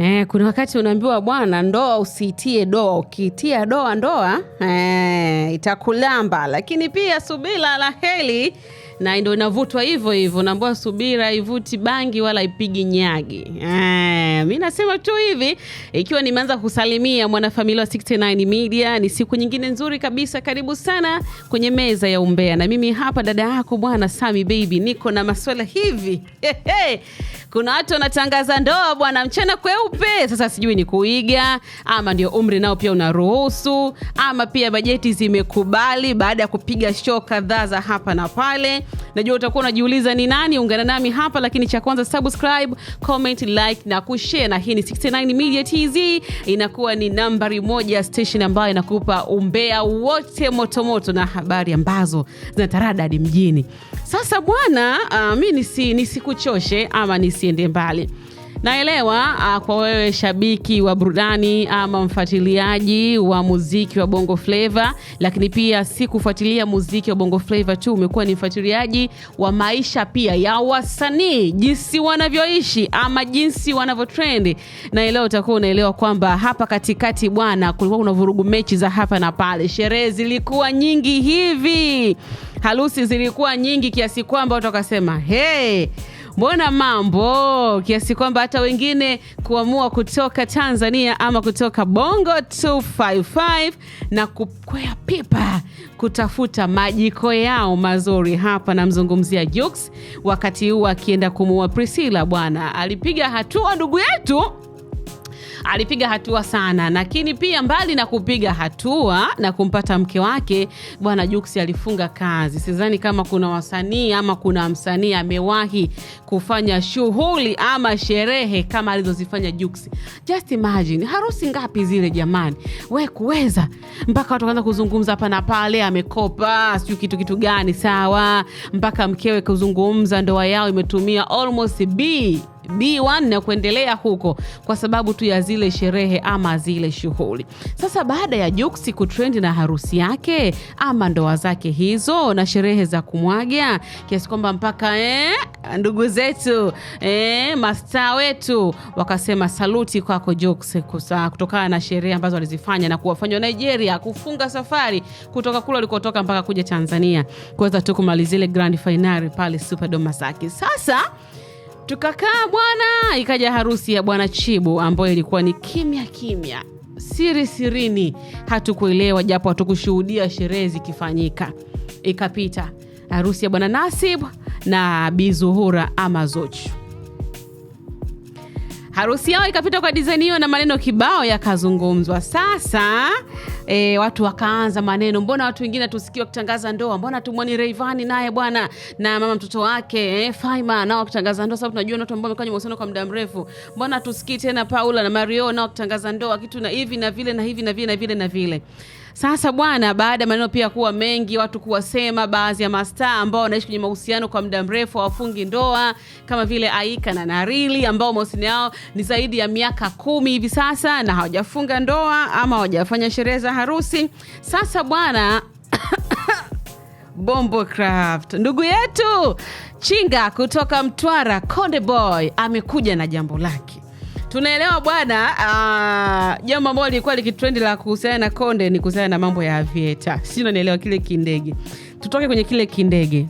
Eh, kuna wakati unaambiwa bwana, ndoa usiitie doa, ukiitia doa ndoa eh, itakulamba. Lakini pia subira la heli na ndo inavutwa hivyo hivyo, naambiwa subira ivuti bangi wala ipigi nyagi. Eh, mi nasema tu hivi, ikiwa nimeanza kusalimia mwanafamilia wa 69 Media, ni siku nyingine nzuri kabisa. Karibu sana kwenye meza ya umbea, na mimi hapa dada yako bwana Sami Baby, niko na maswala hivi kuna watu wanatangaza ndoa bwana mchana kweupe. Sasa sijui ni kuiga ama ndio umri nao pia unaruhusu ama pia bajeti zimekubali, baada ya kupiga sho kadhaa za hapa na pale. Najua utakuwa unajiuliza ni nani. Ungana nami hapa lakini, cha kwanza subscribe, comment, like na kushare, na hii ni 69 Media TZ, inakuwa ni nambari moja station ambayo inakupa umbea wote motomoto na habari ambazo zina taradadi mjini. Sasa bwana, uh, mi nisi, ama nisi isiende mbali. Naelewa uh, kwa wewe shabiki wa burudani ama mfuatiliaji wa muziki wa Bongo Flava, lakini pia si kufuatilia muziki wa Bongo Flava tu, umekuwa ni mfuatiliaji wa maisha pia ya wasanii, jinsi wanavyoishi ama jinsi wanavyotrend. ileo utakuwa unaelewa kwamba hapa katikati bwana, kulikuwa kuna vurugu, mechi za hapa na pale, sherehe zilikuwa nyingi hivi, harusi zilikuwa nyingi kiasi kwamba watu wakasema hey, Mbona mambo kiasi kwamba hata wengine kuamua kutoka Tanzania ama kutoka Bongo 255 na kukwea pipa kutafuta majiko yao mazuri. Hapa namzungumzia Jux, wakati huu akienda kumuua Priscilla. Bwana alipiga hatua ndugu yetu alipiga hatua sana, lakini pia mbali na kupiga hatua na kumpata mke wake, bwana Jux alifunga kazi. Sidhani kama kuna wasanii ama kuna msanii amewahi kufanya shughuli ama sherehe kama alizozifanya Jux. Just imagine harusi ngapi zile jamani, we kuweza mpaka watu kaanza kuzungumza hapa na pale, amekopa sijui kitu kitu gani, sawa mpaka mkewe kuzungumza, ndoa yao imetumia almost b B1 na kuendelea huko kwa sababu tu ya zile sherehe ama zile shughuli. Sasa baada ya Jux kutrend na harusi yake ama ndoa zake hizo na sherehe za kumwaga kiasi kwamba mpaka eh, ndugu zetu eh, mastaa wetu wakasema saluti kwako Jux kutokana na sherehe ambazo alizifanya na kuwafanya wa Nigeria kufunga safari kutoka kule alikotoka mpaka kuja Tanzania kuweza tu kumaliza ile grand finali pale Superdome Masaki. Sasa tukakaa bwana, ikaja harusi ya bwana Chibu ambayo ilikuwa ni kimya kimya, siri sirini, hatukuelewa japo hatukushuhudia sherehe zikifanyika. Ikapita harusi ya bwana Nasib na bizuhura Zuhura ama Zuchu. Harusi yao ikapita kwa dizaini hiyo na maneno kibao yakazungumzwa. Sasa e, watu wakaanza maneno, mbona watu wengine hatusikii wakitangaza ndoa? Mbona tumwoni Rayvanny naye bwana na mama mtoto wake e, Faima nao wakitangaza ndoa, sababu tunajua watu ambao wamekaa mahusiano kwa muda mrefu. Mbona hatusikii tena Paula na Mario nao wakitangaza ndoa kitu na hivi na vile na hivi na vile na vile na vile sasa bwana, baada ya maneno pia kuwa mengi, watu kuwasema baadhi ya mastaa ambao wanaishi kwenye mahusiano kwa muda mrefu hawafungi ndoa kama vile Aika na Narili ambao mahusiano yao ni zaidi ya miaka kumi hivi sasa na hawajafunga ndoa ama hawajafanya sherehe za harusi. Sasa bwana Bombo Craft ndugu yetu Chinga kutoka Mtwara, Konde Boy amekuja na jambo lake tunaelewa bwana. Ah, jambo ambalo lilikuwa likitrendi la kuhusiana na Konde ni kuhusiana na mambo ya vieta si unanielewa, kile kindege. Tutoke kwenye kile kindege,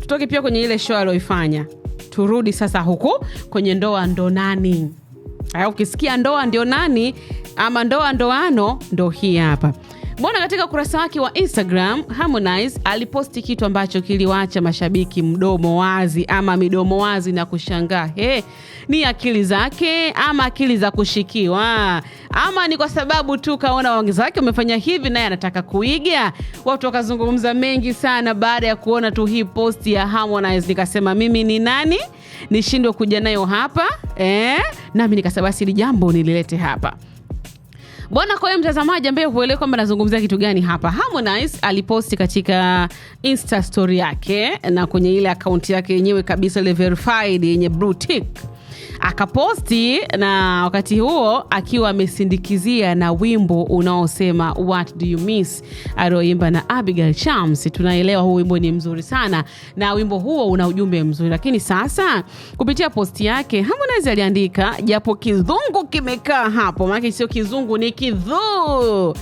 tutoke pia kwenye ile show alioifanya, turudi sasa huku kwenye ndoa ndo nani. Ah, ukisikia ndoa ndio nani ama ndoa ndoano, ndo hii hapa. Mbona katika ukurasa wake wa Instagram Harmonize aliposti kitu ambacho kiliwaacha mashabiki mdomo wazi ama midomo wazi na kushangaa, he, ni akili zake ama akili za kushikiwa ama ni kwa sababu tu kaona wenzake wamefanya hivi naye anataka kuiga. Watu wakazungumza mengi sana baada ya kuona tu hii posti ya Harmonize, nikasema mimi ni nani nishindwe kuja nayo hapa eh? Nami nikasema basi hili jambo nililete hapa. Bwana, kwa hiyo mtazamaji ambaye huelewi kwamba nazungumzia kitu gani hapa, Harmonize aliposti katika Insta story yake na kwenye ile akaunti yake yenyewe kabisa ile verified yenye blue tick akaposti, na wakati huo akiwa amesindikizia na wimbo unaosema What Do You Miss alioimba na Abigail Chams. Tunaelewa huu wimbo ni mzuri sana na wimbo huo una ujumbe mzuri, lakini sasa kupitia posti yake Harmonize aliandika, japo kizungu kimekaa hapo, maana sio kizungu, ni kidhuu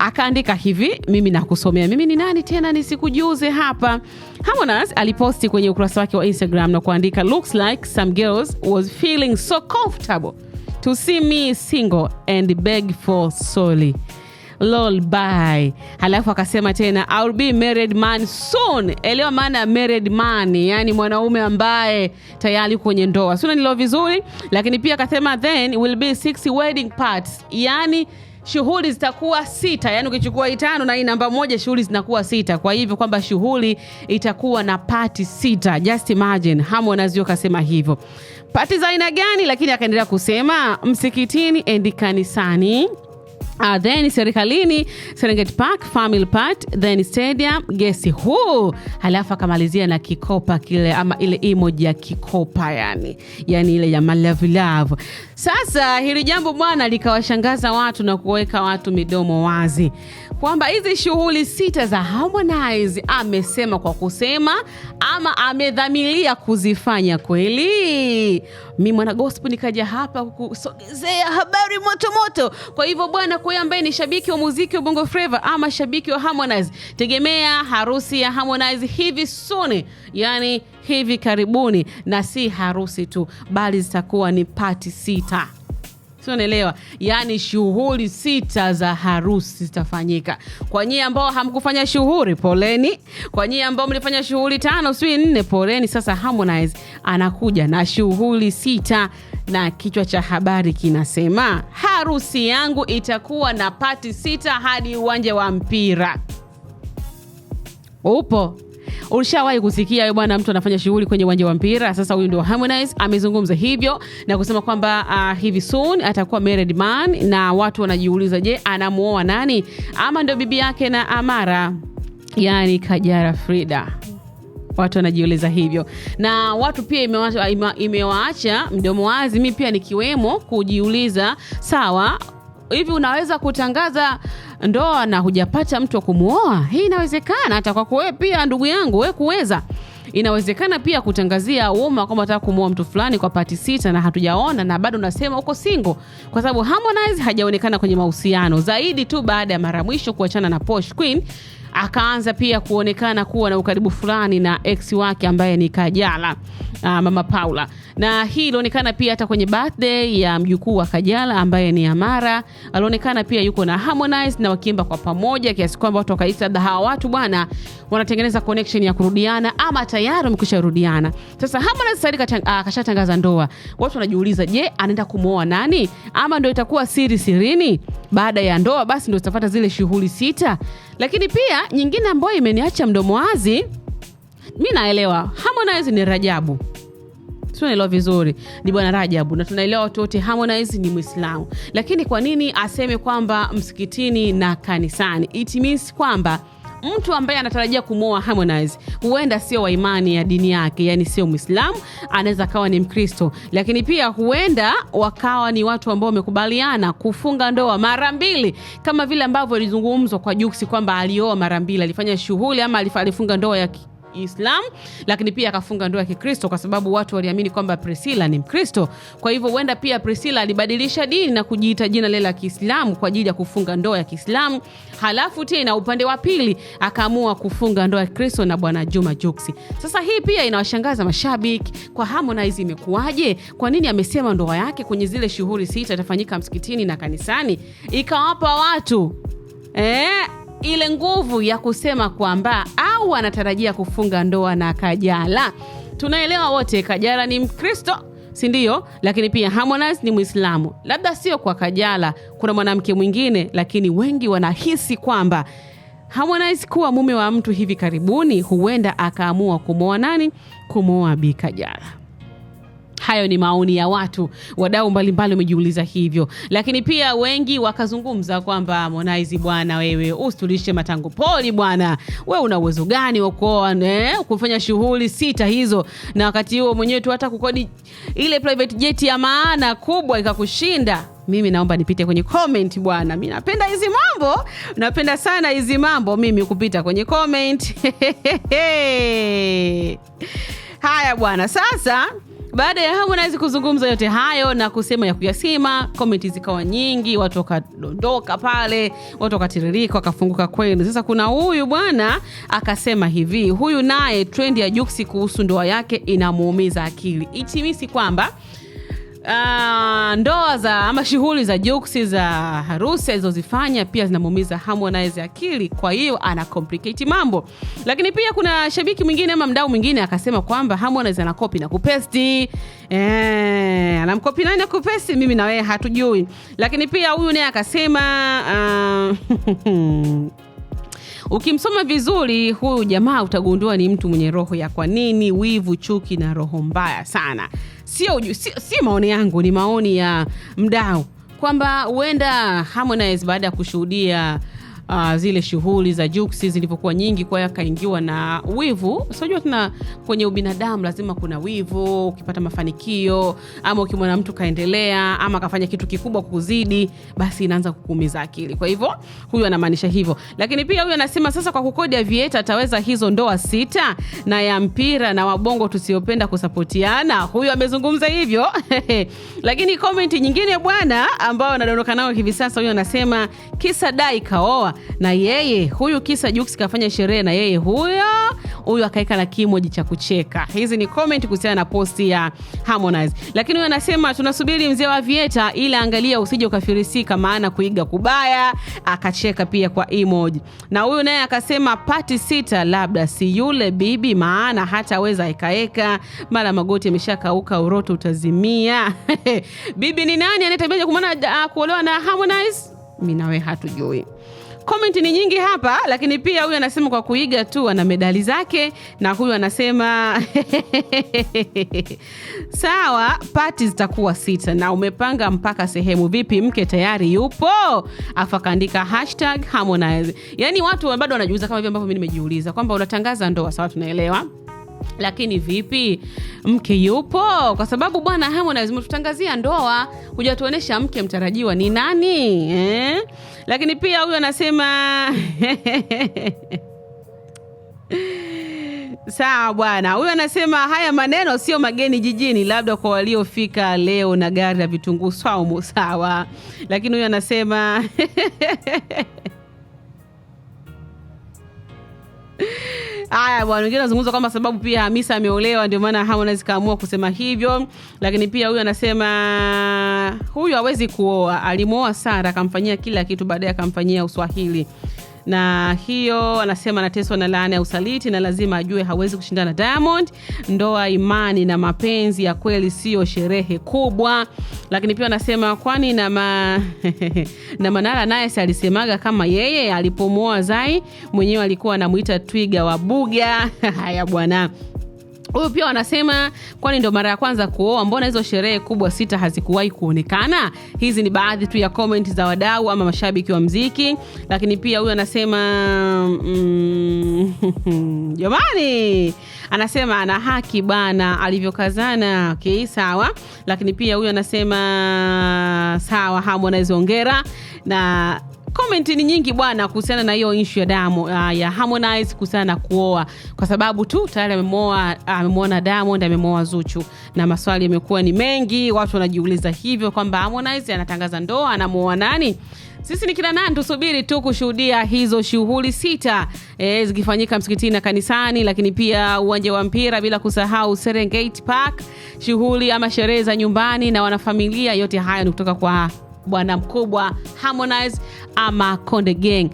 akaandika hivi, mimi nakusomea. Mimi ni nani tena nisikujuze hapa? Harmonize aliposti kwenye ukurasa wake wa Instagram na kuandika looks like some girls was feeling so comfortable to see me single and beg for soli lol bye. Halafu akasema tena I'll be married man soon. Elewa maana ya married man, yani mwanaume ambaye tayari kwenye ndoa, sio nilo vizuri, lakini pia akasema then will be six wedding parts, yani shughuli zitakuwa sita, yani ukichukua itano na hii namba moja, shughuli zinakuwa sita. Kwa hivyo kwamba shughuli itakuwa na pati sita. Just imagine, Harmonize kasema hivyo. Pati za aina gani? Lakini akaendelea kusema msikitini endi kanisani Uh, then serikalini Serengeti Park, Family Park, then stadium gesi hu halafu akamalizia na kikopa kile ama ile emoji ya kikopa yani, yani ile ya malavilavu. Sasa hili jambo bwana likawashangaza watu na kuweka watu midomo wazi kwamba hizi shughuli sita za Harmonize amesema kwa kusema ama amedhamiria kuzifanya kweli. Mi mwana gospel nikaja hapa kukusogezea habari motomoto. Kwa hivyo bwana, kwa ambaye ni shabiki wa muziki wa Bongo Flava ama shabiki wa Harmonize, tegemea harusi ya Harmonize hivi soon, yani hivi karibuni, na si harusi tu, bali zitakuwa ni pati sita si unaelewa? Yaani shughuli sita za harusi zitafanyika. Kwa nyie ambao hamkufanya shughuli, poleni. Kwa nyie ambao mlifanya shughuli tano sijui nne, poleni. Sasa Harmonize anakuja na shughuli sita na kichwa cha habari kinasema harusi yangu itakuwa na pati sita hadi uwanja wa mpira. Upo? Ushawahi kusikia eh, bwana, mtu anafanya shughuli kwenye uwanja wa mpira? Sasa huyu ndio Harmonize amezungumza hivyo na kusema kwamba uh, hivi soon atakuwa married man, na watu wanajiuliza, je, anamuoa nani? Ama ndio bibi yake na Amara, yani kajara Frida watu wanajiuliza hivyo, na watu pia imewaacha, ime, imewaacha mdomo wazi, mi pia nikiwemo kujiuliza, sawa hivi unaweza kutangaza ndoa na hujapata mtu wa kumwoa? Hii inawezekana hata kwako wewe pia, ndugu yangu, wewe kuweza inawezekana pia kutangazia umma kwamba nataka kumuoa mtu fulani kwa pati sita na hatujaona, na bado unasema uko single, kwa sababu Harmonize hajaonekana kwenye mahusiano zaidi tu baada ya mara mwisho kuachana na Posh Queen akaanza pia kuonekana kuwa na ukaribu fulani na ex wake ambaye ni Kajala, uh, mama Paula, na hii ilionekana pia hata kwenye birthday ya mjukuu wa Kajala ambaye ni Amara, alionekana pia yuko na Harmonize na wakiimba kwa pamoja, kiasi kwamba watu wakaisa labda hawa watu bwana wanatengeneza connection ya kurudiana ama tayari wamekwisha rudiana. Sasa Harmonize sasa ah, akashatangaza ndoa, watu wanajiuliza, je, anaenda kumwoa nani? Ama ndio itakuwa siri sirini? Baada ya ndoa basi ndio zitafuata zile shughuli sita lakini pia nyingine ambayo imeniacha mdomo wazi, mi naelewa Harmonize ni Rajabu, tunaelewa vizuri ni bwana Rajabu na tunaelewa watu wote Harmonize ni Mwislamu, lakini kwa nini aseme kwamba msikitini na kanisani? It means kwamba mtu ambaye anatarajia kumwoa Harmonize huenda sio wa imani ya dini yake, yani sio Mwislamu, anaweza akawa ni Mkristo, lakini pia huenda wakawa ni watu ambao wamekubaliana kufunga ndoa mara mbili, kama vile ambavyo ilizungumzwa kwa juksi kwamba alioa mara mbili, alifanya shughuli ama alifunga ndoa ya Islam, lakini pia akafunga ndoa ya Kikristo kwa sababu watu waliamini kwamba Priscilla ni Mkristo. Kwa hivyo huenda pia Priscilla alibadilisha dini na kujiita jina lile la Kiislamu kwa ajili ya kufunga ndoa ya Kiislamu. Halafu tena upande wa pili akaamua kufunga ndoa ya Kristo na bwana Juma Jux. Sasa hii pia inawashangaza mashabiki kwa Harmonize, imekuwaje? Kwa nini amesema ndoa yake kwenye zile shughuli sita itafanyika msikitini na kanisani, ikawapa watu eh ile nguvu ya kusema kwamba au anatarajia kufunga ndoa na Kajala. Tunaelewa wote Kajala ni Mkristo, si ndio? Lakini pia Harmonize ni Mwislamu, labda sio kwa Kajala, kuna mwanamke mwingine, lakini wengi wanahisi kwamba Harmonize kuwa mume wa mtu hivi karibuni, huenda akaamua kumwoa nani? Kumwoa Bi Kajala hayo ni maoni ya watu, wadau mbalimbali wamejiuliza hivyo, lakini pia wengi wakazungumza kwamba monaizi bwana wewe usitulishe matango poli bwana, we una uwezo gani wa eh, kufanya shughuli sita hizo, na wakati huo mwenyewe tu hata kukodi ile private jet ya maana kubwa ikakushinda. Mimi naomba nipite kwenye comment bwana, mi napenda hizi mambo, napenda sana hizi mambo mimi kupita kwenye comment. Haya bwana, sasa baada ya Harmonize kuzungumza yote hayo na kusema ya kuyasema, komenti zikawa nyingi, watu wakadondoka pale, watu wakatiririka, wakafunguka kweli. Sasa kuna huyu bwana akasema hivi, huyu naye trendi ya Juksi kuhusu ndoa yake inamuumiza akili. Itimisi kwamba Uh, ndoa za ama shughuli za juksi za harusi alizozifanya pia zinamuumiza Harmonize akili, kwa hiyo ana complicate mambo. Lakini pia kuna shabiki mwingine ama mdau mwingine akasema kwamba Harmonize anakopi na kupesti. Eh, anamkopi nani na kupesti, mimi na wewe hatujui. Lakini pia huyu naye akasema uh, Ukimsoma vizuri huyu jamaa utagundua ni mtu mwenye roho ya kwa nini, wivu, chuki na roho mbaya sana sio si, si maoni yangu, ni maoni ya mdau kwamba huenda Harmonize baada ya kushuhudia uh, zile shughuli za Juksi zilivyokuwa nyingi, kwa hiyo akaingiwa na wivu. Unajua tuna kwenye ubinadamu lazima kuna wivu. Ukipata mafanikio ama ukimwona mtu kaendelea ama kafanya kitu kikubwa kukuzidi, basi inaanza kukuumiza akili. Kwa hivyo huyu anamaanisha hivyo, lakini pia huyu anasema sasa, kwa kukodi Avieta ataweza hizo ndoa sita na ya mpira na wabongo tusiopenda kusapotiana. Huyu amezungumza hivyo lakini komenti nyingine bwana, ambao anadondoka nao hivi sasa, huyu anasema kisa dai kaoa na yeye huyu, kisa Jux kafanya sherehe na yeye huyo huyu, akaweka na kimoji cha kucheka. Hizi ni comment kuhusiana na posti ya Harmonize, lakini huyu anasema tunasubiri mzee wa Vieta, ila angalia usije ukafirisika, maana kuiga kubaya. Akacheka pia kwa emoji, na huyu naye akasema pati sita, labda si yule bibi, maana hata weza ekaeka, mara magoti ameshakauka, uroto utazimia. Bibi ni nani anayetembea kumana ah, kuolewa na Harmonize? mi nawe hatujui. Komenti ni nyingi hapa, lakini pia huyu anasema kwa kuiga tu ana medali zake, na huyu anasema sawa, pati zitakuwa sita na umepanga mpaka sehemu vipi, mke tayari yupo? Afu akaandika hashtag Harmonize. Yani watu bado wanajiuliza kama hivi ambavyo mi nimejiuliza kwamba unatangaza ndoa, sawa, tunaelewa lakini vipi mke yupo? Kwa sababu bwana Harmonize umetutangazia ndoa, hujatuonyesha mke mtarajiwa ni nani eh? Lakini pia huyu anasema Sawa bwana, huyu anasema haya maneno sio mageni jijini, labda kwa waliofika leo na gari la vitunguu swaumu. Sawa, lakini huyu anasema Haya bwana, wengine wanazungumza kwamba sababu pia Hamisa ameolewa ndio maana Harmonize kaamua kusema hivyo, lakini pia huyu anasema huyu hawezi kuoa, alimwoa Sara akamfanyia kila kitu, baadaye akamfanyia uswahili na hiyo anasema anateswa na laana ya usaliti na lazima ajue hawezi kushindana Diamond. Ndoa, imani na mapenzi ya kweli siyo sherehe kubwa. Lakini pia anasema kwani na, ma... na Manara naye alisemaga kama yeye alipomwoa Zai mwenyewe alikuwa anamuita twiga wa buga. Haya bwana. Huyu pia wanasema kwani ndo mara ya kwanza kuoa, mbona hizo sherehe kubwa sita hazikuwahi kuonekana? Hizi ni baadhi tu ya comment za wadau ama mashabiki wa mziki. Lakini pia huyu anasema mm, jamani, anasema ana haki bana, alivyokazana. Okay, sawa. Lakini pia huyu anasema sawa, Harmonize, hongera na komenti ni nyingi bwana kuhusiana na hiyo ishu ya Damo, uh, ah, ya Harmonize kuhusiana na kuoa, kwa sababu tu tayari amemwoa amemwona Diamond amemwoa Zuchu, na maswali yamekuwa ni mengi, watu wanajiuliza hivyo kwamba Harmonize anatangaza ndoa, anamwoa nani? Sisi ni kina nani? Tusubiri tu kushuhudia hizo shughuli sita e, zikifanyika msikitini na kanisani, lakini pia uwanja wa mpira, bila kusahau Serengeti Park, shughuli ama sherehe za nyumbani na wanafamilia. Yote haya ni kutoka kwa bwana mkubwa Harmonize ama Konde Gang.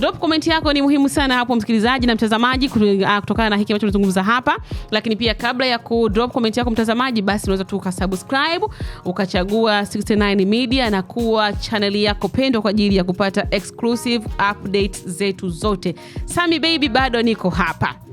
Drop comment yako ni muhimu sana hapo msikilizaji na mtazamaji, ah, kutokana na hiki ambacho tunazungumza hapa. Lakini pia kabla ya kudrop drop comment yako mtazamaji, basi unaweza tu ukasubscribe ukachagua 69 Media na kuwa chaneli yako pendwa kwa ajili ya kupata exclusive updates zetu zote. Sami baby, bado niko hapa.